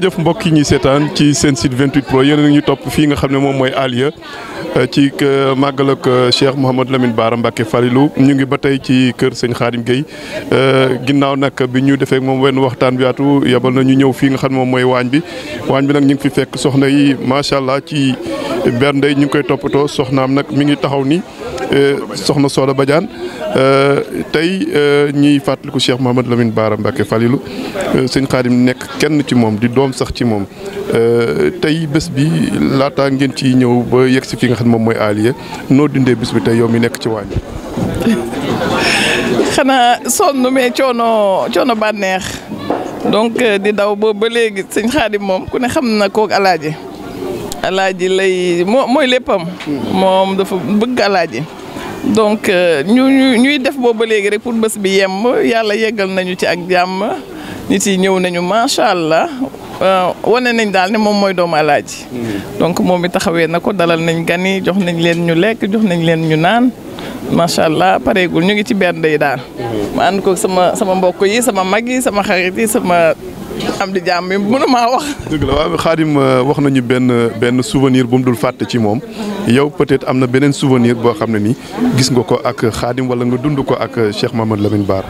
jërëjëf mbokk yi ñuy seetaan ci seen site 28 pro yéen ñu topp fii nga xam ne moom mooy Alieu ci màggal ak euh, Cheikh Mouhamad Lamine Bara Mbacke Falilou ñu ngi ba tey ci kër sëñ Khadim Gueye euh, ginnaaw nag bi ñu defee moom wenn waxtaan bi yaatu yebal na ñu ñëw fii nga xam ne moom mooy waañ bi waañ bi nag ñu ngi fi fekk soxna yi macha allah ci bernde ñu ngi koy toppatoo soxnaam nag mi ngi taxaw ni euh, soxna Soda Badiane tey ñiy fàttaliku Cheikh Mouhamad Lamine Bara Mbacke Falilou sëñ Khadim nekk kenn ci moom doom sax ci moom euh, tey bés bi laataa ngeen ci ñëw ba yegg si fi nga xam moom mooy Aliya noo dindee bés bi tey yow mi nekk ci waañ xanaa sonn mais coono bànneex donc euh, di daw boobu ba léegi sëñ Xaadim moom ku ne xam na kook alaaji alaaji lay moo mooy léppam moom dafa bëgg alaaji donc euh, ñu ñuy def boobu ba léegi rek pour bés bi yemb yàlla yeggal nañu ci ak jàmm nit yi ñëw nañu macha allah Euh, wane nañ daal ne moom mooy doomu alaaji mm-hmm. donc moom it taxawee na ko dalal nañ gan yi jox nañ leen ñu lekk jox nañ leen ñu naan macha allah pareegul ñu ngi ci benn yi daal. Mm-hmm. ma ànd ko sama sama mbokk yi sama mag yi sama xarit yi sama. am di jàmm mi mënu maa wax. dëgg la Xaadim euh, wax nañu benn benn souvenir bu dul fàtte ci moom yow peut-être am na beneen souvenir boo xam ne nii gis nga ko ak Xaadim wala nga dund ko ak Cheikh Mohamed Lamine Bara.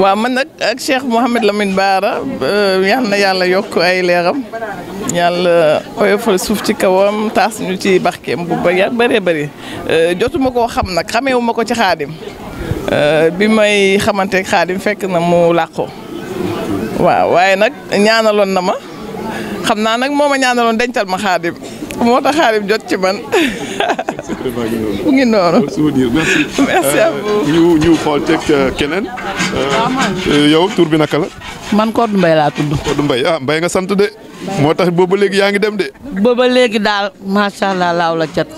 waaw man nag ak Cheikh Mohamed Lamine Bara euh, yal na yàlla yokk ay leeram yàlla oyofal suuf ci kawam taas ñu ci barkeem bu bëree bëri euh, jotuma koo xam nag xameewu ma ko ci Xaadim bi may xamanteeg Xaadim fekk na mu làqoo. waaw waaye nag ñaanaloon na ma xam naa nag moo ma ñaanaloon dencal ma xaadim moo tax xaadim jot ci man. mu ngi noonu. merci. merci à vous. Euh, euh, euh, bi naka la. man koot Mbaye laa tudd. mbay mbay ah, nga sant de. moo tax booba léegi yaa ngi dem de. booba léegi daal macha allah laaw la cat.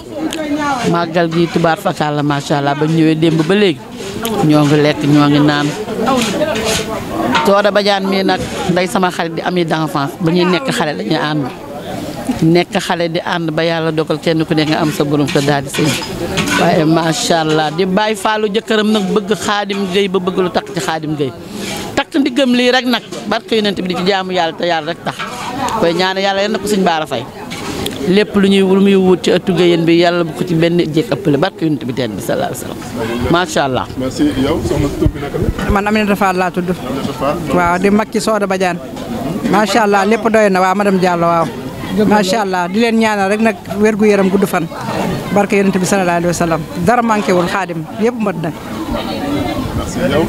màggal gi tubaar fakal la macha ba ñëwee démb ba léegi. ñoo ngi lekk ñoo ngi naan. Sooda Badiane mii nag nday sama xarit di ami d'enfance ba ñuy nekk xale dañuy ànd nekk xale di ànd ba yàlla dogal kenn ku nekk nga am sa borom ko daal di waaye macha allah di bàyyi faalu jëkkëram nag bëgg xaadim géy ba bëgg lu takk ci xaadim géy takk ndiggam lii rek nag barke yonent bi di ci jaamu yàlla te yàlla rek tax koy ñaan yàlla yal na ko suñ baara fay lépp lu ñuy lu muy wut ci ëttu Guéyeen bi yàlla bu ko ci benn jéeg ëppale barke yonent bi teen bi sallallahu alayhi wasallam macha allah. merci yow soxna laa tudd. waaw di mag ci Soda Badiane. macha allah lépp doy na waaw madame Diallo waaw. macha allah di leen ñaanal rek nag wér gu yaram gudd fan. barke yonent bi sallallahu alayhi wasallam dara manqué wul xaadim yëpp mat na. merci yow.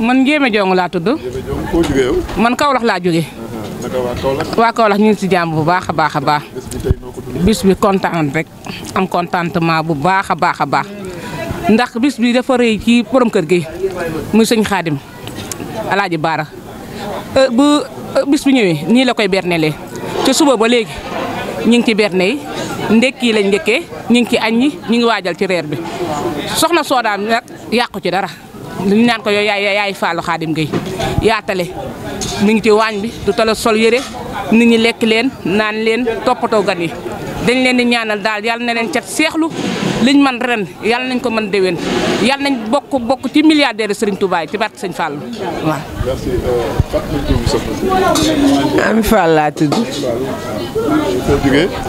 man Ngéeme Jong laa tudd. koo man Kaolack laa jógee. naka waa Kaolack. ñu ngi si jàmm bu baax a baax a baax. bis bi kontaan rek am contentement bu baax a baax a baax ndax bis bi dafa rëy ci borom kër gi muy sëñ xaadim alaaji baara euh, bu euh, bis bi ñëwee nii la koy bernelee te suba ba léegi ñu ngi ci berne yi ndekki lañ njëkkee ñu ngi ci añ ñi ñu ngi waajal ci reer bi soxna soodaam nag yàqu ci dara liñ naan ko yow yaay yaay faalu xaadim gay yaatale mi ngi ci waañ bi du tala sol yére nit ñi lekk leen naan leen toppatoo gan yi dañ leen di ñaanal daal yàlla na leen cat seexlu liñ man ren yàlla nañ ko mën déwén yàlla nañ bokk bokk ci milliardaire Serigne Touba yi ci barke sañ Fallou waaw. merci Ami Fall laa tudd.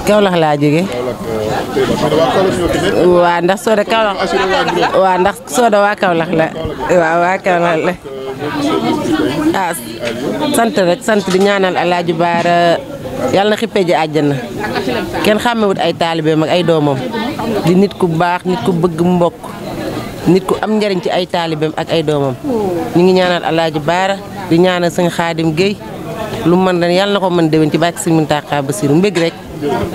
Kaolack laa ndax soo de Kaolack. waaw ndax soo de waa Kaolack la la. ah sant rek sant di ñaanal Alaaji Baara yàlla na xippee ji àjjana kenn xàmmewut ay taalibeem ak ay doomam di nit ku baax nit ku bëgg mbokk nit ku am njariñ ci ay taalibeem ak ay doomam ñu ngi ñaanal Alaaji Baara di ñaana sëñ Xaadim Géey lu mën ren yàlla na ko mën déwén ci bàkk sëñ Muntaxa Basiru mbég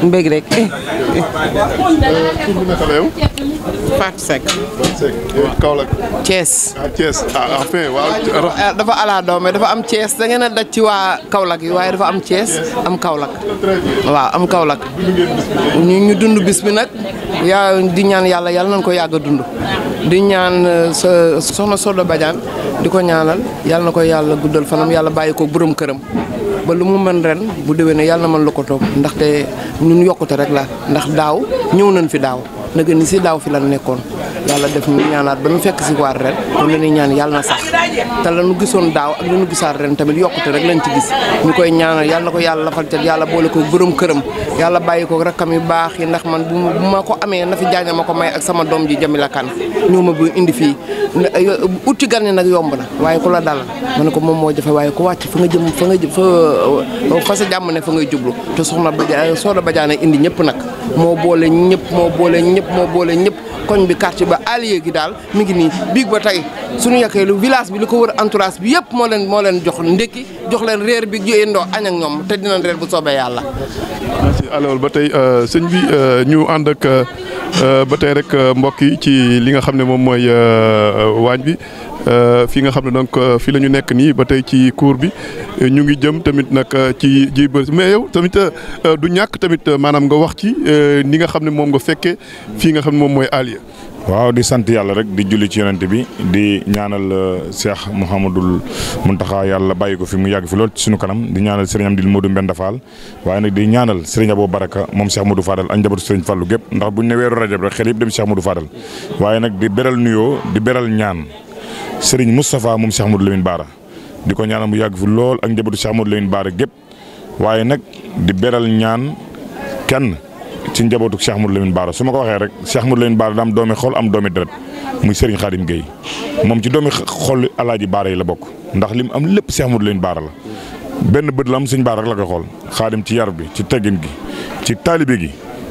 mbég rek Fatou Seck. Fatou Seck Kaolack. Thiès. Ah, ah, ah, waaw. dafa ala doome dafa am Thiès dangeen daj ci waa Kaolack yi waaye dafa am Thiès am Kaolack. waaw am Kaolack. ñu dund bis bi nag. yaa di ñaan yàlla yàlla nañ ko yàgg a dund. di ñaan euh, sa soxna Soda Badiane di ko ñaanal yàlla na ko yàlla guddal fanam yàlla bàyyi ko borom këram. ba lu mu mën ren bu ne yàlla na mën la ko toog ndaxte ñun yokkute rek la ndax daaw ñëw nañ fi daaw. nag ni si daaw ba ñu fekk si waat ren kon lañuy ñaan yàlla na sax te la la nu gisaat ren tamit yokkute rek lañ ci gis ñu koy ñaanal yàlla na ko ko borom këram yàlla man bu ma ko amee na fi jaaña ma ko may ak sama doom ji Jamila Kane ñoo ma bu indi fii utti gan yi nag yomb na waaye ku la dalal ma ko moom moo jafe waaye ku wàcc fa nga jëm fa nga jëm fa sa jàmm ne fa ngay jublu te soxna Badiane Soxna Badiane indi ñëpp nag moo boole ñëpp moo boole ñëpp moo boole ñëpp koñ bi quartier ba allié gi daal mi ngi nii biig ba tey suñu yàkkee lu village bi li ko wër entourage bi yëpp moo leen moo leen jox ndékki jox leen reer bi yendoo añ ak ñoom te dinañ reer bu soobee yàlla. merci alors ba tey euh, sëñ bi euh, ñu ànd ak euh, ba tey rek mbokk yi ci li nga xam ne moom mooy waañ bi. Euh, fii nga xam ne donc euh, fii la ñu nekk nii ba tey ci cours bi euh, ñu ngi jëm tamit nag ci ji bës mais yow tamit du ñàkk tamit maanaam nga wax ci ni nga xam ne moom nga fekkee fii nga xam ne moom mooy Alieu. waaw di sant yàlla rek di julli ci yonent bi di ñaanal Cheikh Mouhamadul Mountakha yàlla bàyyi ko fi mu yàgg fi lool ci suñu kanam di ñaanal sëriñ Amdi Modou Mbenda Fall waaye nag di ñaanal sëriñ Abo Baraka moom Cheikh Modou Fadal ak njabootu sëriñ Fallu gépp ndax buñ ne weeru rajab rek xel yëpp dem Cheikh Modou Fadal waaye nag di beral nuyoo di beral ñaan Serigne Moustapha moom Cheikh Amadou Lamine Baara di ko ñaanal mu yàgg fi lool ak njabootu Cheikh Amadou Lamine Baara gépp waaye nag di beral ñaan kenn ci njabootu Cheikh Amadou Lamine Baara su ma ko waxee rek Cheikh Amadou Lamine Baara da am doomi xol am doomi deret muy Serigne Khadim géey moom ci doomi xol alaaji Baara yi la bokk ndax li mu am lépp Cheikh Amadou Lamine Baara la benn bët la am sëñ Baara rek la koy xool Khadim ci yar bi ci teggin gi ci taalibe gi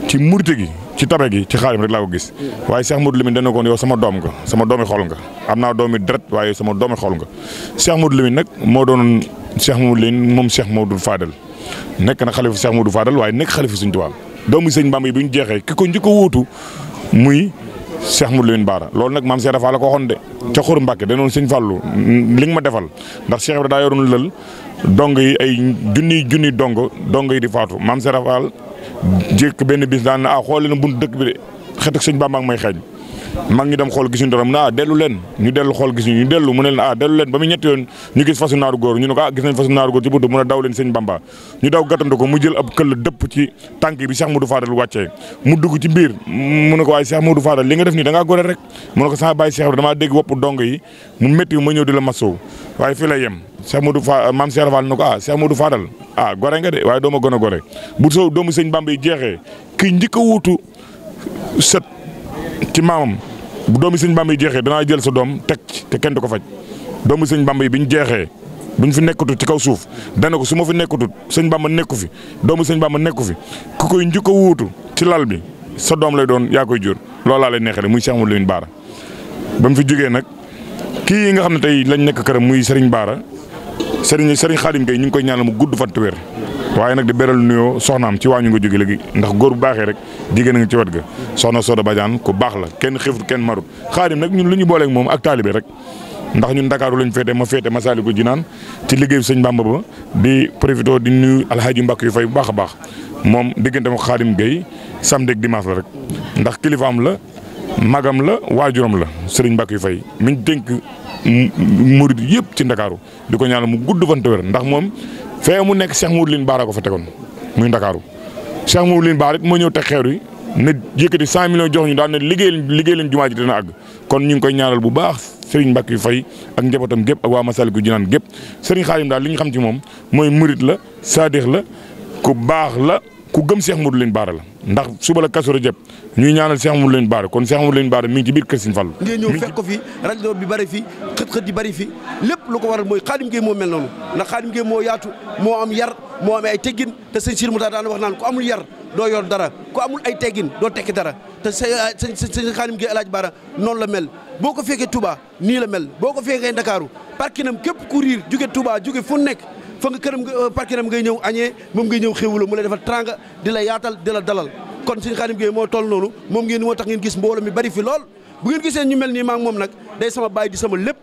ci murte gi ci tabe gi ci xaalim rek laa ko gis waaye Cheikh Modou Lamine dana ko yow sama doom nga sama doomi xol nga am naa doomi deret waaye sama doomi xol nga Cheikh Modou Lamine nag moo doon Cheikh Modou Lamine moom Cheikh Modou Fadel nekk na xalifu Cheikh Modou Fadel waaye nekk xalifu Sëñ Tuubaa doomu Sëñ Bamba yi bu ñu jeexee ki ko njëkk a wuutu muy Cheikh Modou Lamine Bara loolu nag maam Cheikh Rafa ko waxoon de ca Xuru Mbàkke danoon Sëñ Fàllu mm, li nga ma defal ndax Cheikh Ibrahima daa yoroon lël dong yi ay junniy junni dong dong yi di faatu maam Serap Fall jékk benn bis daan na ah xool leen buntu dëkk bi de xet ak sëñ Bamba may xeeñ mag ñi dem xool gisuñu dara mu ne ah dellu leen ñu dellu xool gisuñu ñu dellu mu ne leen ah dellu leen ba muy ñett yoon ñu gis fasu naaru góor ñu ne ko ah gis fasu naaru góor ci buntu mu ne daw leen sëñ Bamba ñu daw gàttandu ko mu jël ab këll dëpp ci tànk bi Cheikh Modou Fadal wàccee mu dugg ci biir mu ne ko waaye Cheikh Modou Fadal li nga def nii da ngaa gore rek mu ne ko sama bàyyi Cheikh damaa dégg wopp dong yi mu métti ma ñëw waaye fii lay yem Cheikh Modou Fa euh, maam Cheikh Fall ne ko ah Cheikh Modou Fadal ah gore nga de waaye a gore bu soo doomu sëñ Bamba yi jeexee kii njëkk a wuutu ci maamam bu doomi sëñ bamba yi jeexee danaa jël sa doom teg te kenn du ko faj doomu sëñ bamba yi bi ñu jeexee bu ñu fi nekkatut ci kaw suuf dana ko su ma fi nekkatut sëñ bamba nekku fi doomu sëñ bamba nekku fi ku koy njëkk a wuutu ci lal bi sa doom lay doon yaa koy jur loolaa lay neexale muy Cheikh Amadou Baara ba mu fi jógee nag kii yi nga xam ne tey lañ nekk këram muy Serigne Baara Serigne Serigne Khadim Gueye ñu ngi koy ñaanal mu gudd fan te waaye nag di beral nuyoo soxnaam ci waañu nga jóge léegi ndax góor bu baaxee rek jigéen nga ci wet ga soxna Soda Badiane ku baax la kenn xifut kenn marut xaadim nag ñun lu ñu booleeg moom ak taalibe rek ndax ñun Ndakaaru lañ féete ma féete Masaalikul Jinaan ci liggéey sëñ Bamba ba di profité di nuyu alxaaji mbàkk yu fay bu baax a baax moom diggante ma xaadim Gueye samedi ak dimanche rek ndax kilifaam la magam la waajuram la sëriñ mbàkk yu fay mi ngi dénk murid yëpp ci Ndakaaru di ko ñaanal mu gudd fan te ndax moom fee mu nekk Cheikh Mourline Baara ko fa tegoon muy Ndakaaru Cheikh Mourline Baara it moo ñëw teg xeer yi na yëkkati cent millions jox ñu daan ne liggéey liggéey leen jumaa ji dina àgg kon ñu koy ñaanal bu baax Serigne Mbacke Faye ak njabootam gépp ak waa Masaliku Jinaan gépp Serigne Khadim daal li ñu xam ci moom mooy murit la saadix la ku baax la ku gëm Cheikh Modou Lamine Bara la ndax suba la Kazu Rajab ñuy ñaanal Cheikh Modou Lamine Bara kon Cheikh Modou Lamine Bara mi ngi ci biir kër Serigne Fallou. mi ngi fi rajo bi bari fi xët-xët yi bari fi lépp lu ko waral mooy Khadim Gueye moo mel noonu ndax Khadim Gueye moo yaatu moo am yar moo am ay teggin ta sëñ Sir Mouta daan wax naan ku amul yar doo yor dara ku amul ay teggin doo tekki dara te sa sa sa Khadim Gueye El Hadj Bara noonu la mel boo ko fekkee Touba nii la mel boo ko fekkee Ndakaaru parkinam képp ku riir jóge Touba jóge fu nekk fa nga këram euh, parkinam ngay ñëw añee moom ngay ñëw xéwlu mu lay defal tranga di la yaatal di la dalal kon suñu Xaadim Géey moo toll noonu moom ngeen moo tax ngeen gis mbooloo mi bari fi lool bu ngeen gisee ñu mel nii maak moom nag day sama baay di sama lépp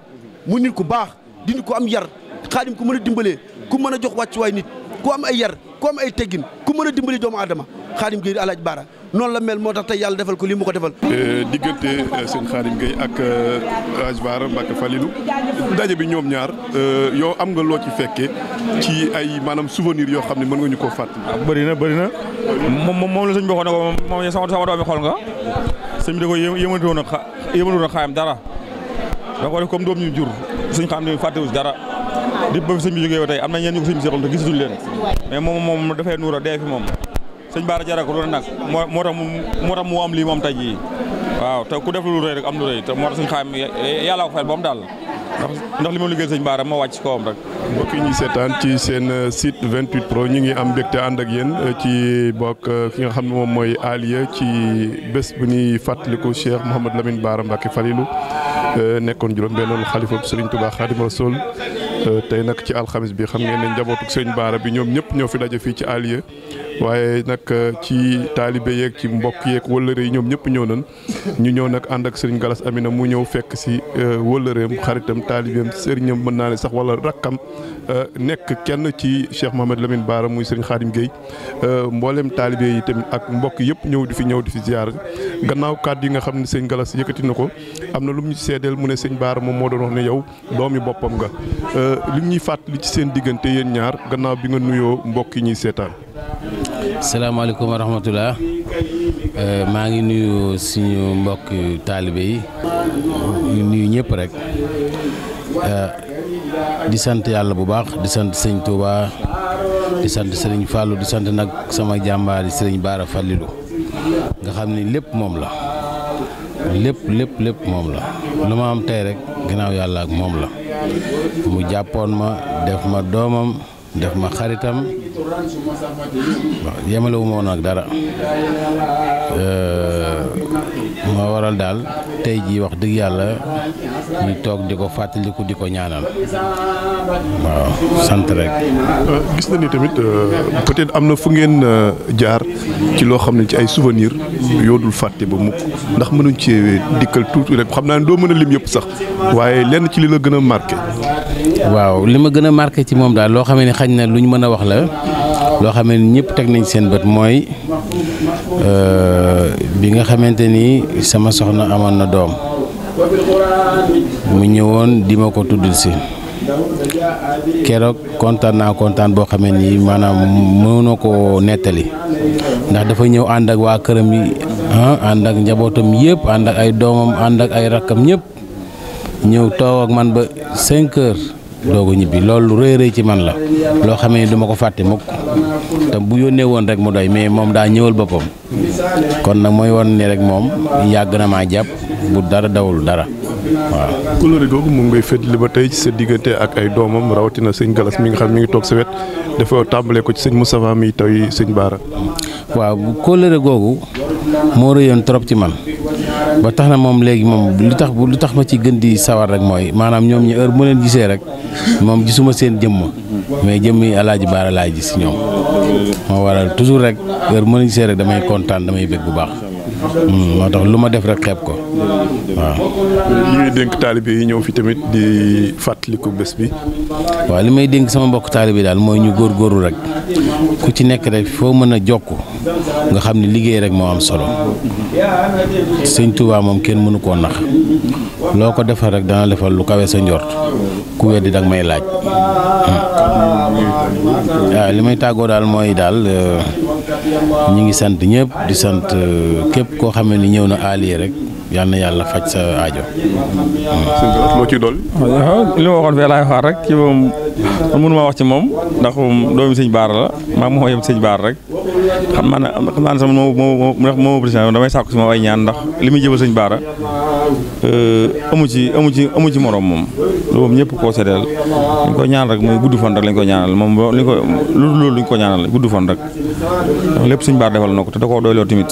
mu nit ku baax di nit ku am yar Xaadim ku mën a dimbalee ku mën a jox wàccuwaay nit ku am ay yar ku am ay teggin ku mën a dimbali doomu aadama Khadim Gueye alaaj El Hadj noonu la mel moo tax tey yàlla defal ko lii mu ko defal. Euh, diggante euh, seen Khadim Gueye ak El euh, Hadj Bara Mbacké Falilou bi ñoom ñaar yow am nga loo ci fekke ci ay maanaam souvenir yoo xam ne mën nga ñu koo fàttali. Ah, bëri na bëri na moom moom la sëñ bi waxoon na ko moom sama sama doomi xool nga sëñ bi da ko yëngatu woon ak xaayam dara. da ko def comme doom ñu jur suñ xam ne fàttewus dara di ba fi sëñ bi jógee ba tey am na ñeen ñu ko sëñ bi seqal gis gisatuñ leen mais moom moom dafay nuur a dee fi sëñ Baara jaral ko lu ne nag moo moo tax mu moo am lii moom tey jii waaw te ku def lu rëy rek am lu rëy te moo tax sëñ Xaadim yàlla ko fayal daal ndax li ma liggéeyal sëñ Baara ma wàcc kawam rek. mbokk yi seetaan ci seen euh, site 28 pro ñu ngi am mbégte ànd ak yéen euh, ci bokk euh, ki nga xam ne moom mooy Aliya ci bés bu ñuy fàttaliku Cheikh Mouhamed Lamine Baara Mbacke Falilou nekkoon juróom-benneelu xalifa bu Serigne Touba Khadim Rasoul tey nag ci alxamis bi xam ngeen ne njabootu sëñ Baara bi ñoom ñëpp ñoo fi daje fii ci Aliya waaye nag euh, ci taalibe yeeg ci mbokk yeeg wëllëre yi ñoom ñëpp ñëw nañ ñu ñëw nag ànd ak sëriñ Galas Amina mu ñëw fekk si euh, wëllëreem xaritam taalibeem sëriñam mën naa ne sax wala rakkam euh, nekk kenn ci Cheikh Mouhamed Lamine Baara muy sëriñ Xaadim Gueye mboolem taalibe yi tamit ak mbokk yëpp ñëw di fi ñëw di fi ziar gannaaw kàddu yi nga xam ne sëñ Galas yëkkati na ko am na lu mu ñu seedeel mu ne sëñ Baara moom moo doon wax ne yow doomi boppam nga li ñuy fàttali ci seen diggante yéen ñaar gannaaw bi nga nuyoo mbokk yi ñuy seetaan salaamaaleykum wa rahmatulah euh, maa ngi nuyu suñu mbokk taalibe yi ñu nuyu ñëpp rek euh, di sant yàlla bu baax di sant sëñ Touba di sant sëriñ Fallou di sant nag sama jàmbaar yi sëriñ Baara Fallilu nga xam ni lépp moom la lépp lépp lépp moom la lu ma am tey rek ginnaaw yàlla ak moom la mu jàppoon ma def ma doomam def ma xaritam. waaw yemalewu ma woon ak dara moo waral daal tey jii wax dëgg yàlla ñu toog di ko ko di ko ñaanal waaw sant rek. Euh, gis na ni tamit euh, peut-être am na fu ngeen euh, jaar ci loo xam ne ci ay souvenir yoodul fàtte ba mukk ndax mënuñ ci dikkal tuuti rek xam naa ne doo mën a lim yëpp sax waaye lenn ci li la gën a marqué. waaw li ma gën a marqué ci moom daal loo xam ne xañ na lu ñu mën a wax la loo xam ne ñëpp teg nañ seen bët mooy. Euh, bi nga xamante ni sama soxna amoon na doom mu ñëwoon di ma ko tuddul si keroog kontaan naa kontaan boo xamee ni maanaam mënoo ko nettali ndax dafa ñëw ànd ak waa këram yi ah, ànd ak njabootam yëpp ànd ak ay doomam ànd ak ay rakkam ñëpp ñëw toog ak man ba 5 heures. doog a ñibbi loolu lu rëy rëy ci man la loo xamee ni du ko fàtte mukk te bu yónnee woon rek mu day mais moom daa ñëwal boppam kon nag mooy woon ni rek moom yàgg na maa jàpp bu dara dawul dara waaw. kóllëre googu mu ngay li ba tey ci sa diggante ak ay doomam rawatina sëñ Galas mi nga xam mi ngi toog sa wet dafa tàmbalee ko ci sëñ Moustapha mi tey sëñ Baara. waaw kóllëre googu moo rëyoon trop ci man. ba tax na moom léegi moom lu tax lu tax ma ci gën di sawar rek mooy maanaam ñoom ñu heure bu leen gisee rek moom suma seen jëmm mais jëmm yi alaaji baara laay gis ñoom moo waral toujours rek heure bu leen gisee rek damay kontaan damay bëgg bu baax Mm, moo tax lu ma def rek xeeb ko waaw. li ngay dénk taalibe yi ñëw fi tamit di fàttaliku bés bi. waaw li may dénk sama mbokk taalibe daal mooy ñu góor góoru rek ku ci nekk rek foo mën a jokk nga xam ni liggéey rek moo am solo sëñ Tuubaa moom kenn mënu koo nax loo ko defar rek dana defal lu kawe sa njoor ku weddi danga may laaj. Hmm. waaw li may tàggoo daal mooy daal. Euh, ñi ngi sant ñëpp di sant euh, képp koo xam ni ñëw na aaliye rek yal yàlla faj sa aajo. ci moom. man mënu maa wax ci moom ndax moom doomi sëñ baara la maa moo yem sëñ baara rek xam naa ne xam naa moo moo moo président damay sàkku si ma ay ñaan ndax li muy jëbal sëñ baara euh, amu ci amu ci amu ci morom moom loolu moom ñëpp koo seddeel liñ ko ñaan rek mooy gudd fan rek lañ ko ñaanal moom liñ ko loolu loolu liñ ko ñaanal gudd fan rek ndax lépp sëñ baara defal na ko te da koo doyloo tamit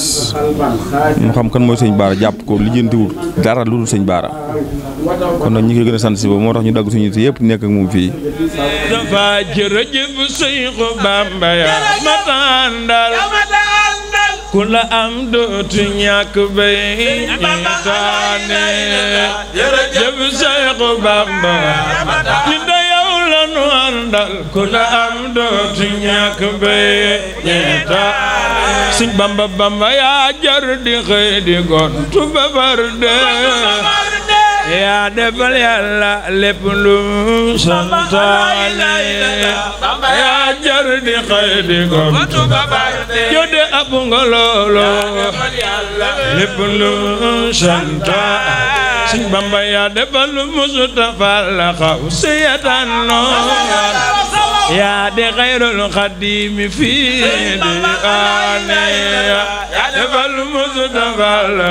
mu xam kan mooy sëñ baara jàpp ko lijjantiwul dara lu dul sëñ baara kon nag ñu ngi gën sant si boobu moo tax ñu dagg suñu yëpp nekk ak moom fii dafa jërëjëf Seex Bamba ya ma tàndal ku la am dootu ñàkk bay taane jërëjëf Seex Bamba ni da yow la nu Bamba Bamba yaa jar di xëy di gontu ba dee yaa defal yàlla lépp lu santaane yaa jar di xëy di ko jode ab nga loolo lépp lu santaane Sëñ Bamba yaa defal lu mustafa la xaw si yatan noon yaa di xayrul xadimi fii di aane yaa defal mustafa la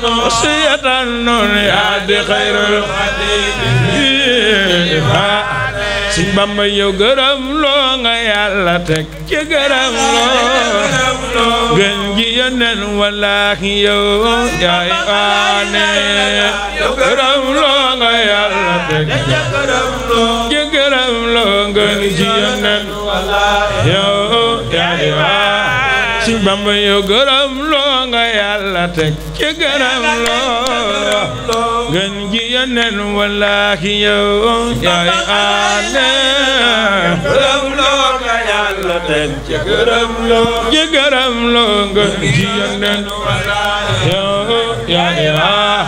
xosiyatan noon yaa di xayrul xadimi fii suñ bamba yow gërëm loo nga yàlla teg ci gërëm loo gën ji yonen walaahi yow yaay aane gërëm loo nga yàlla teg ci gërëm loo gën ji yonen bamba yow gërëm loo nga yàlla teg ci gërëm loo gën gi wallaahi yow yaay gërëm loo nga yàlla teg ci gërëm loo ci gërëm wallaahi yow yaay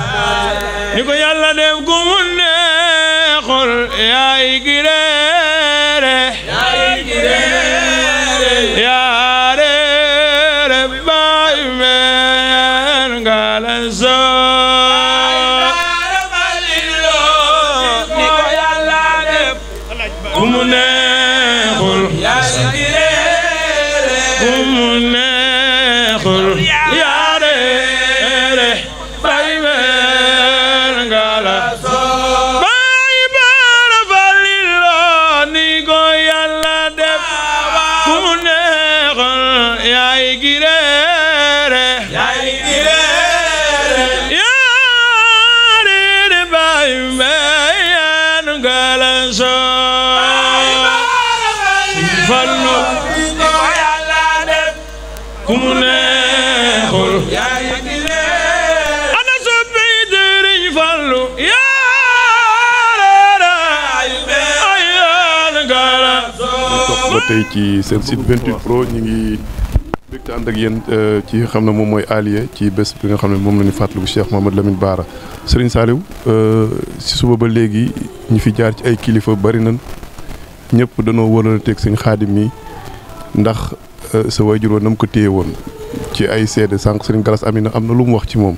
ni ko yàlla def gumun ba ci seen site 28 ñu ngi mbégte ànd ak yéen euh, ci xam ne moom mooy allié ci bés bi nga xam ne moom la ñu fàttaliku Cheikh Mouhamed Lamine Bara Serigne Saliou si euh, suba ba léegi ñu fi jaar ci ay kilifa bari nañ ñëpp danoo wërala teg sëñ xaadim mi ndax euh, sa waajur woon na mu ko téye woon ci ay seede sànq sëriñ Galas Amina am na lu mu wax ci moom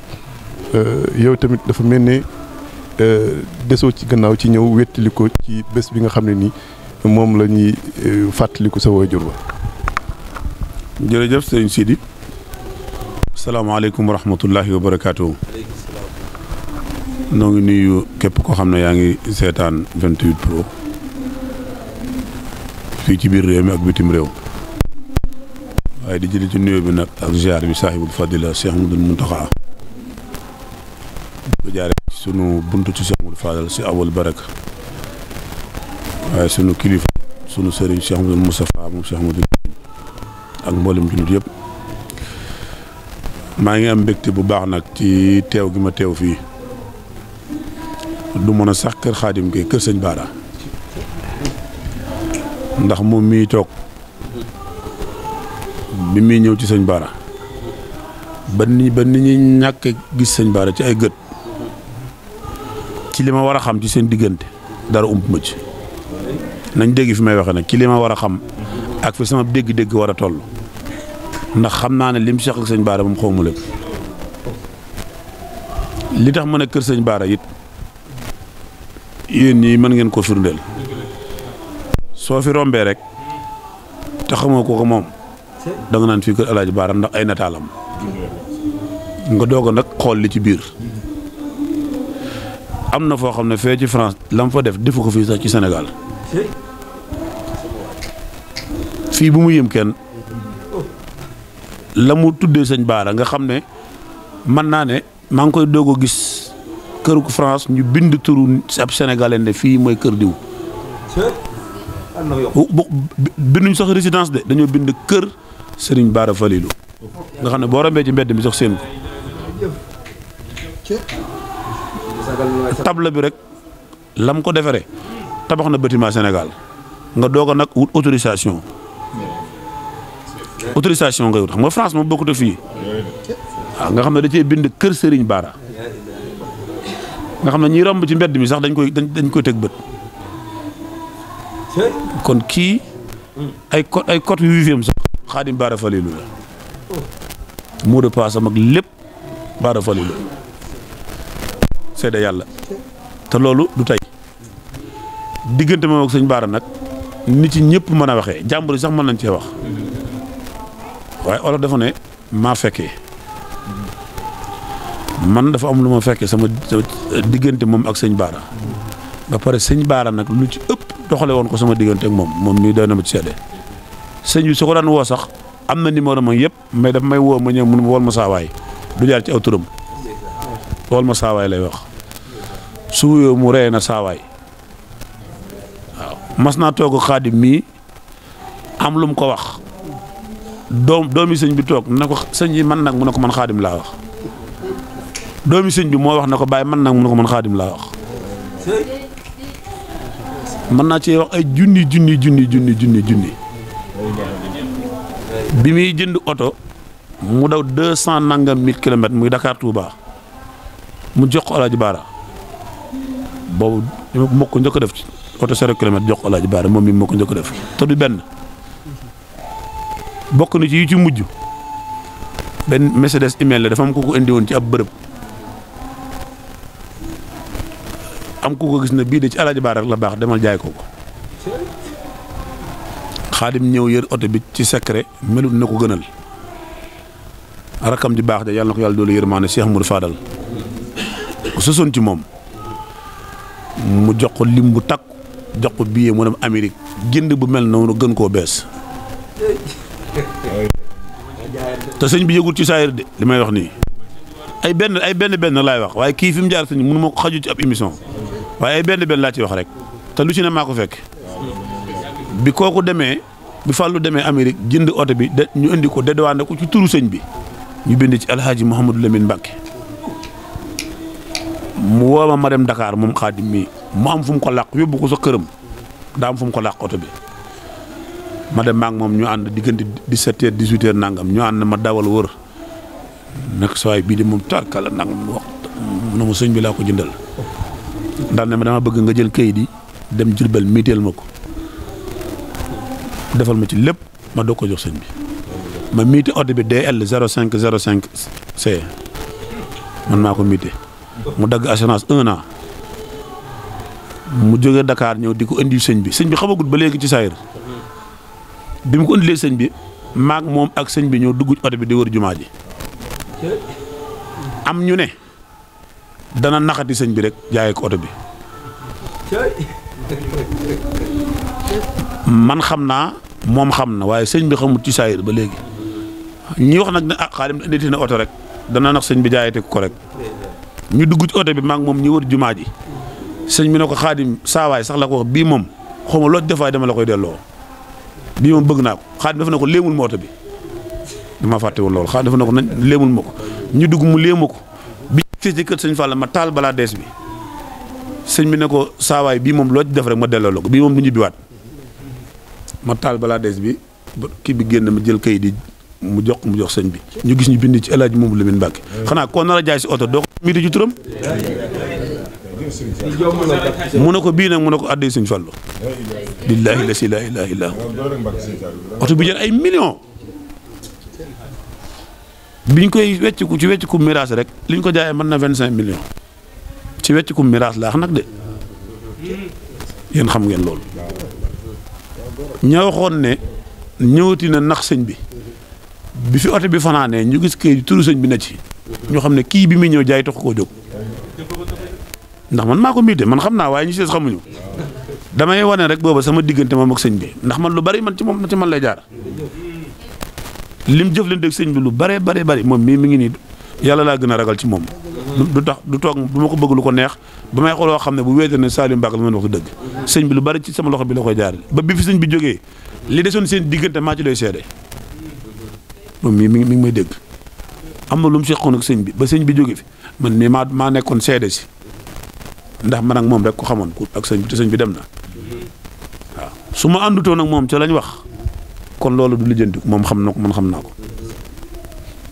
yow tamit dafa mel ne desoo ci gannaaw ci ñëw wettili ko ci bés bi nga xam ne nii moom la ñuy euh, fàttaliku sa waajur ba jërëjëf sëñ Sidi salaamaaleykum wa rahmatullahi wa barakaatu noo ngi nuyu képp koo xam ne yaa ngi seetaan 28 pro fii ci biir réew mi ak bitim réew waaye di jëli ci nuyoo bi nag ak ziar bi saahibul fadila Cheikh Mouhamadoul Mountakha ko jaare ci sunu buntu ci Cheikh Mouhamadoul si awal baraka waaye sunu kilifa sunu sëriñ Cheikh Amadou Moustapha moom Cheikh Amadou ak mboolem jullit yëpp maa ngi am mbégte bu baax nag ci teew gi ma teew fii du mën a sax kër xaadim gi kër sëñ Baara ndax moom mii toog bi muy ñëw ci sëñ Baara ba ni ba ni ñuy ñàkk gis sëñ Baara ci ay gët ci li ma war a xam ci seen diggante dara ump ma ci nañ dégg fi may waxee nag ci li ma war a xam ak fi sama dégg-dégg war a toll ndax xam naa ne lim seq ak sëñ Baara moom xaw ma lépp li tax ma kër sëñ Baara it yéen ñii mën ngeen ko firndeel soo fi rombee rek te xamoo ko ko moom da naan fii kër El Baara ndax ay nataalam nga doog a nag xool li ci biir am na foo xam ne fee ci France lam fa def defu ko fii sax ci Sénégal. fii bu mu yëm kenn la mu tuddee sëñ Baara nga xam ne mën naa ne maa ngi koy doog a gis këru France ñu bind turu ab sénégalais ne fii mooy kër diw. binduñ sax résidence de dañoo bind kër Serigne Baara Falilou nga xam ne boo rombee ci mbedd mi sax seen ko table bi rek lam ko defaree tabax na bâtiment Sénégal nga doog a nag wut autorisation. autorisation ngay wut xam nga France moom bokkut a fii waaw nga xam ne da cee bind kër Serigne Bara nga xam ne ñiy romb ci mbedd mi sax dañ koy dañ dañ koy teg bët kon kii ay code ay code wifi am sax Xaadim Bara Falilu la mot de passe am ak lépp Bara Falilu seede yàlla te loolu du tey diggante moom ak sëñ Bara nag nit ci ñëpp mën a waxee jàmbur yi sax mën nañ cee wax waaye olof dafa ne maa fekkee man dafa am lu ma fekkee sama diggante moom ak sëñ Baara ba pare sëñ Baara nag lu ci ëpp doxale woon ko sama diggante moom moom mii doon na ma ci seede sëñ bi su ko daan woo sax am na numéro ma yëpp mais may woo ma ñëw mun wool ma saawaay du jaar ci aw turam wool ma saawaay lay wax su mu rey na saawaay waaw mas naa toog xaadim mii am lu mu ko wax doom doomi sëñ bi toog na ko sëñ bi man nag mu ne ko man xaadim laa wax doomi sëñ bi moo wax na ko bàyyi man nag mu ne ko man xaadim laa wax mën naa cee wax ay junni junni junni junni junni junni bi muy jënd oto mu daw deux cent nangam mille kilomètres muy Dakar Touba mu jox ko Alaaji Baara boobu moo ko njëkk a def ci oto zéro kilomètre jox ko Alaaji Baara moom mii moo ko njëkk a def te du benn. bokk na ci yu ci mujj benn message email la dafa am ku ko indi ci ab bërëb am ku ko gis na bii de ci alaaji baar rek la baax demal jaay ko ko xaadim ñëw yër oto bi ci secret melut na ko gënal rakam di baax de yàlla na ko yàlla doolu yërmaane Cheikh Moudou Fadal ku sosoon ci moom mu jox ko lim bu takk jox ko billet mu dem Amérique jënd bu mel noonu gën koo bees te sëñ bi yëgul ci saayir de li may wax nii ay benn ay benn benn laay wax waaye kii fi mu jaar sëñ mënu ma ko xaju ci ab émission waaye ay benn benn laa ci wax rek te lu ci ne maa ko fekk bi kooku demee bi fàllu demee Amérique jënd oto bi de ñu indi ko dédouané ko ci turu señ bi ñu bind ci alxaaji Mouhamadou Lamine Mbacke mu woo ma ma dem Dakar moom xaadim mi mu am fu mu ko làq yóbbu ko sa këram daa am fu mu ko làq oto bi ma dem maak moom ñu ànd diggante 17 heures 18 heures nangam ñu ànd ma dawal wër nekk saa waay bii de moom tarkala nangam wax mu ma sëñ bi laa ko jëndal ndax ne ma dama bëgg nga jël kayit di dem Jurbel miiteel ma ko defal ma ci lépp ma doog ko jox sëñ bi ma miite oto bi DL 05 05 C man maa ko miite dagg assurance un mu jógee Dakar ñëw di ko indi sëñ bi sëñ bi xamagut ba léegi ci saayir bi mu ko indilee sëñ bi maag moom ak sëñ bi ñoo dugg oto bi di wër jumaa ji am ñu ne dana naxati sëñ bi rek jaayee ko oto bi man xam naa moom xam na waaye sëñ bi xamut ci saayir ba léegi ñi wax nag ne ah xaalim inditi na oto rek dana nax sëñ bi jaayate ko rek ñu dugg bi maag moom ñu wër jumaa ji sëñ bi ne ko xaadim saawaay sax la ko bii moom xaw ma loo defaay dama la koy delloo. lii moom bëgg naa ko xaadim def na ko léemul moto bi dama fàtte woon loolu xaadim def na ko nañ léemul ma ko ñu dugg mu léemu ko bi ci kër sëñ Fall ma taal balaa bi sëñ bi ne ko saawaay bii moom loo ci def rek ma delloo la ko bii moom du ñibbiwaat ma taal balaa dees bi kii bi génn ma jël kayit di mu jox mu jox sëñ bi ñu gis ñu bind ci El Hadj Mamadou Lamine Mbacke xanaa koo nar a jaay si oto doo ko miiti ju turam mu ne ko bii nag mu ne ko addee Sëñ Fallu billaahi la si laa ilaaha illaa oto bi jël ay bi ñu koy wecciku ci wecciku miraas rek liñ ko jaayee mën na vingt cinq millions ci wecciku miraas laax nag de yéen xam ngeen loolu ña waxoon ne ñëwati na nax sëñ bi bi fi oto bi fanaanee ñu gis kay turu sëñ bi na ci ñoo xam ne kii bi muy ñëw jaay tax koo jóg ndax man maa ko miite man xam naa waaye ñu si ñu damay wane rek booba sama diggante moom ak sëñ bi ndax man lu bari man ci moom ci man lay jaar lim jëflante ak sëñ bi lu baree baree bari moom mii mi ngi nii yàlla laa gën a ragal ci moom. du tax du toog du ma ko bëgg lu ko neex ba may xool loo xam ne bu wéete ne Saliou Mbacké ma wax dëgg sëñ bi lu bari ci sama loxo bi la koy jaarale ba bi fi sëñ bi jógee li soon seen diggante maa ci doy seede moom mii mi ngi mi ngi may dégg na lu mu seqoon ak sëñ bi ba sëñ bi jógee fi man nii maa maa nekkoon seede si ndax man ak moom rek ko xamoon ku ak sëñ sëñ bi dem na waaw su ma àndutoon nag moom ca lañ wax kon loolu du lijjanti moom xam na ko man xam naa ko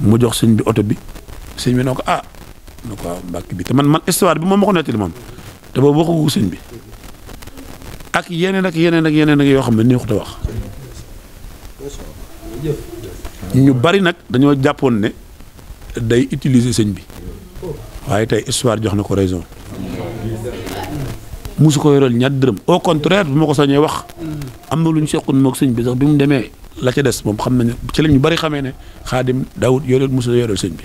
mu jox sëñ bi oto bi sëñ bi ne ko ah ne ko mbàkk bi te man man histoire bi moom ma ko nettali moom te boobu waxu sëñ bi ak yeneen ak yeneen ak yeneen ak yoo xam ne neexut a wax ñu bari nag dañoo jàppoon ne day utiliser sëñ bi waaye tey histoire jox na ko raison. musu ko yoreel ñaar dërëm au contraire bu ma ko sañee wax am na lu ñu seqoon moog sëñ bi sax bi mu demee la ca des moom xam nañu ci la ñu bari xamee ne xaadim dawut yoreel musu la yoreel bi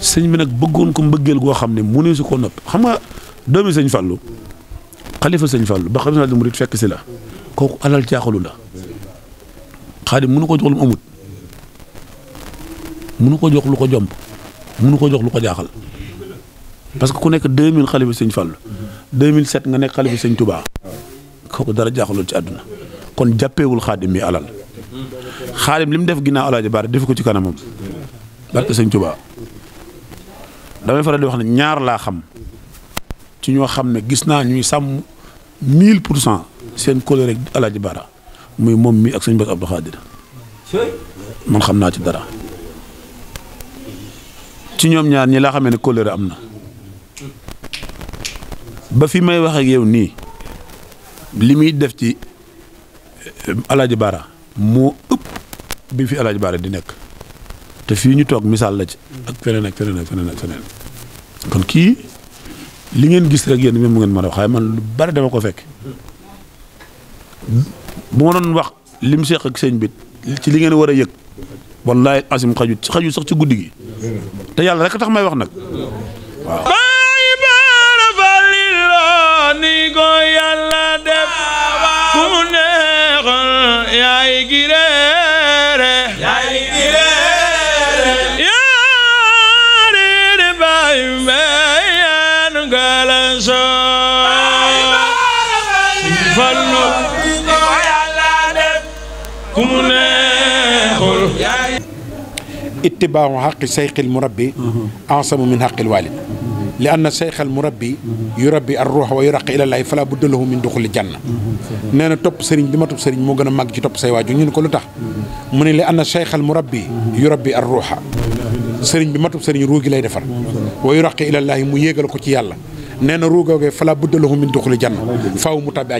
sëñ bi nag bëggoon ko mbëggeel goo xam ne mu ne su ko nopp xam nga doomi sëñ Fallu xalifa sëñ Fallu ba xam naa murit fekk si la kooku alal caaxalu la xaadim mënu ko jox lu ko jox lu ko jomb mënu ko jox lu ko jaaxal parce que ku nekk 2000 xalifa sëñ Fallu 2007 nga nekk xalifa sëñ Touba kooku dara jaaxalul ci àdduna kon jàppeewul xaadim mi alal xaadim li mu def ginnaaw alaaji bara def ko ci kanamam barke sëñ Touba damay faral di wax na ñaar laa xam ci ñoo xam ne gis naa ñuy sàmm 1000 pour cent seen kóllëre ak alaaji baara muy moom mi ak sëñ Bass Abdou Khadir man xam naa ci dara ci ñoom ñaar ñi laa xamee ne kóllëre am na ba fi may wax yow nii li muy def ci euh, Alaaji Baara moo ëpp bi fi Alaaji Baara di nekk te fii ñu toog misaal la ci ak feneen ak feneen ak feneen ak feneen kon kii li ngeen gis rek yéen même mu ngeen mën a wax man lu bari dama ko fekk bu ma doon wax lim seq ak sëñ bi ci li ngeen war a yëg wallaahi asim xajut xajut sax ci guddi gi te yàlla rek tax may wax nag yaay gireere yaay gireere yaari baay mbeyan galanso fallu kum neexul ittibaahu xaqi sayxil murabbi mm-hmm. ansamu min xaqil waalid li anna seyxal murabbi yurabbi ar-ruuha wa yuraqi ilallaahi falaa budda lahu min duxuli janna nee na topp sëriñ bi ma topp sëriñ moo gën a màgg ci topp say waajur ñu ni ko lu tax mu ne li anna seyxal murabbi yurabbi ar-ruuha sëriñ bi ma topp sëriñ ruugi lay defar wa yuraqi ilallaahi mu yéegal ko ci yàlla nee na ruugoogee falaa budda lahu min duxuli janna faaw mu tàbbi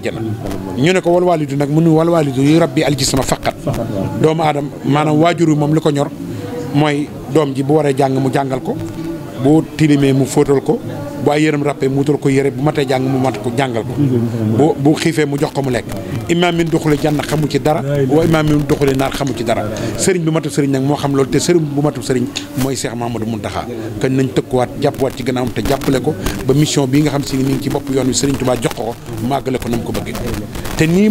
ñu ne ko wal waalidu nag mu ne wal waalidu yurabbi al-jisma faqat doomu aadama maanaam waajur wi moom li ko ñor mooy doom ji bu waree jàng mu jàngal ko boo tilimee mu fóotal ko bu ay yërëm rappee mu wutal ko yëre bu matee jàng mu mat ko jàngal ko bu bu xiifee mu jox ko mu lekk imaam min doxule jànn xamu ci dara waa imaam min doxule naar xamu ci dara sëriñ bi matub sëriñ nag moo xam loolu te sëriñ bu matub sëriñ mooy Cheikh Mahamadou Mountakha kañ nañ tëkkuwaat jàppuwaat ci gannaawam te jàppale ko ba mission bii nga xam si ni mi ci bopp yoon wi sëriñ Tuubaa jox ko ko màggale ko na mu ko bëggee te nii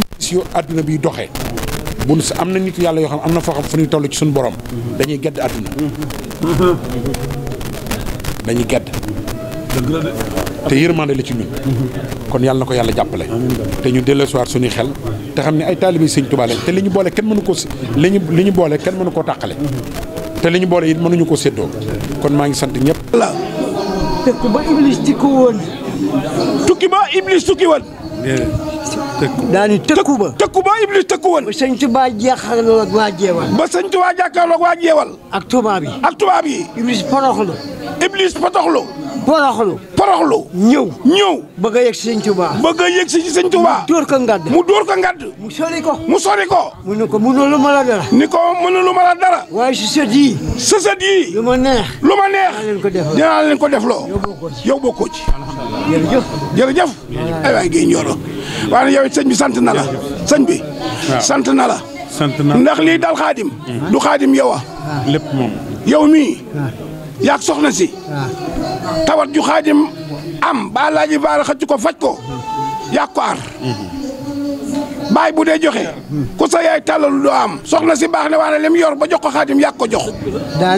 bi doxee bu am na nit yàlla yoo xam am na foo xam fu suñu borom dañuy gedd te yërmande la ci ñun kon yàlla na ko yàlla jàppale te ñu dello soir suñuy xel te xam ne ay taalibe sëñ Tuubaa te li ñu boole kenn mënu ko li ñu li ñu boole kenn mënu koo tàqale te li ñu boole it mënuñu koo séddoo kon maa ngi sant ñëpp la dëkk ba iblis dikku woon tukki ba iblis tukki woon daani tëkku ba tëkku ba iblis tëkku woon ba sëñ Tuubaa jàkkaarloo waa jeewal ba sëñ Tuubaa jàkkaarloo waa jeewal ak tubaab yi ak tubaab yi iblis porox Iblis potoxlu. poroxlu poroxlu ñëw ñëw bëgg a yegg si sëñ Tuba bëgg a yegg si sëñ Tuba mu dóor ko ngadd mu dóor ko ngadd mu sori ko mu sori ko mu ne ko ma la dara ni ko mënulu ma la dara waaye si sët yi sa sët lu ma neex lu ma neex dinaa leen ko def loo yow bokkoo ci jërëjëf jërëjëf ay waay géy ñoro waaye yow sëñ bi sant na la bi sant na la sant na ndax lii dal xaadim mm-hmm. du xaadim yow yow mii yaag soxna si ah. tawat ju xaadim am ba laaji baara xëcc ko faj ko yaag ko ar mm-hmm. baay bu dee joxe ku sa yaay tàllalu doo am soxna si baax ne na lim yor ba jox ko xaadim yàq ko jox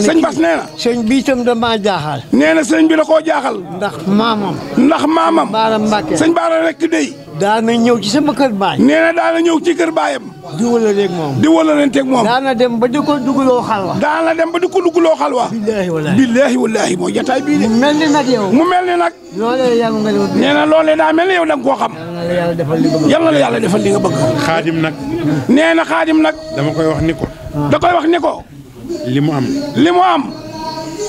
sëñ Bas nee na sëñ bi itam damaa jaaxal nee na sëñ bi da koo jaaxal ndax maamam ndax maamam baara Mbàkke sëñ baara rekk dey daana ñëw ci sama kër baay. nee na daana ñëw ci kër baayam. di wala rek moom. di wala renteeg moom. daana dem ba di ko dugguloo xalwa. daana dem ba di ko dugguloo xalwa. billaahi wallaahi billaahi wallaahi mooy jataay bii de. mu mel ni nag mu mel ni nag. loolee yaa ngi mel na loolee daa mel ni yow da koo xam. yal na la yàlla defal li nga bëgg. xaadim nag. nee na xaadim nag. dama koy wax ni ko. da koy wax ni ko. limu mu am. li mu am.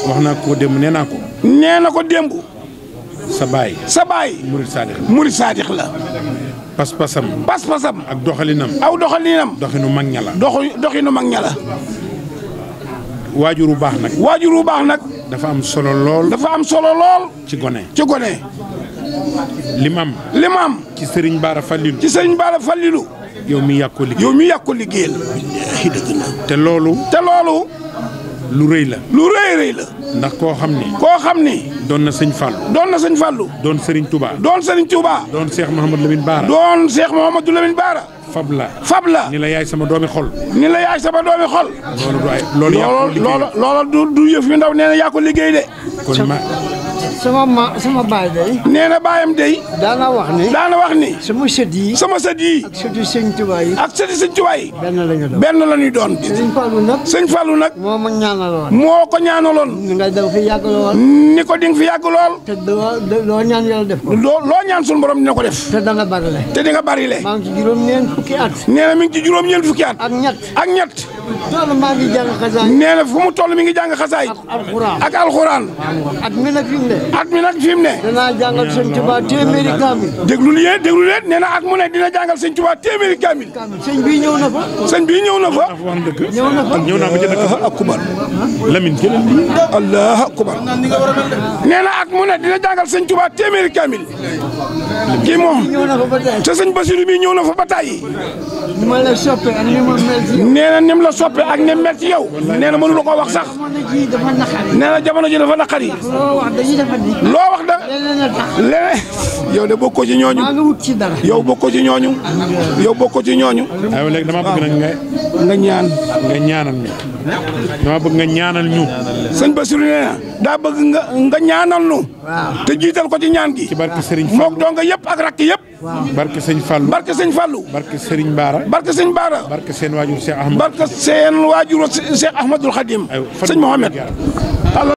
wax naa ko démb nee ko. nee na ko démb. sa baay sa baay murid saadix la murid saadix la pas-pasam pas-pasam ak doxalinam aw doxalinam doxinu mag ña la doxinu mag ña la waajur wu baax nag waajur wu baax nag dafa am solo lool dafa am solo lool ci gone ci gone limam limam ci sëriñ Baara Fallilu ci sëriñ Baara Fallilu yow mi yàq ko liggéeyal yow mi yàq liggéeyal te loolu te loolu lu rëy la. lu rëy rëy la. ndax koo xam ni. koo xam ni. doon na sëñ Fallou. doon na sëñ Fallou. doon Serigne Touba. doon Serigne Touba. doon Cheikh Mouhamadou Lamine Baara. doon Cheikh Mouhamadou Lamine Baara. fab la fab ni la yaay sama doomi xol. ni la yaay sama doomi xol. loolu du ay loolu yaa ko liggéey loolu ndaw nee na yaa ko liggéey de. kon ma. sama ma sama baay day. nee na baayam day. daana wax ni. daana wax sama sët yi. sama sët yi. ak sëti sëñ yi. ak sëti sëñ Tuubaa yi. benn la ñu doon benn la ñuy doon. sëñ Fallou nag. sëñ Fallou moo ma ñaanaloon. moo ko ñaanaloon. ni nga da fi yàgg lool. ni ko di nga fi yàgg lool. te doo loo ñaan yàlla def loo loo ñaan sunu borom dina ko def. te danga barile. te di nga barile. maa ngi ci juróom fukki at. nee na mi ngi ci fukki at. ak ñet ak ñett. toll maa ngi jàng xasaay. nee na fu mu toll mi ngi jàng xasaay. ak alxuraan ak alxuraan. at mi ne. mi nag fi mu ne. danaa jàngal sëñ Tuubaa téeméeri kaamil. téeméeri kaamil. sëñ bi ñëw na fa. ñëw na ko jënd ak akubar. nee na at mu ne dina jàngal sëñ Tuubaa téeméeri kaamil. kii moom sëñ Basiru bi ñëw na fa ba tàyyi. ni la soppe ak ni ma mel ci yow. nee na ni mu la soppe ak ni mel ci yow. nee na mënu la loo wax da leneen yow de bokkoo ci ñooñu yow bokkoo ci ñooñu yow bokkoo ci ñooñu aywa léegi dama bëgg nag nga nga ñaan nga ñaanal ñu dama bëgg nga ñaanal ñu sëñ Bassirou na daa bëgg nga nga ñaanal ñu te jiital ko ci ñaan gi ci barke Serigne Fallou mook doo ak rakk yëpp barke Sëñ Fallou barke Sëñ Fallou barke Serigne Baara barke Sëñ Baara barke seen waajur Cheikh Ahmad seen waajur Cheikh Ahmadul Khadim sëñ Mohamed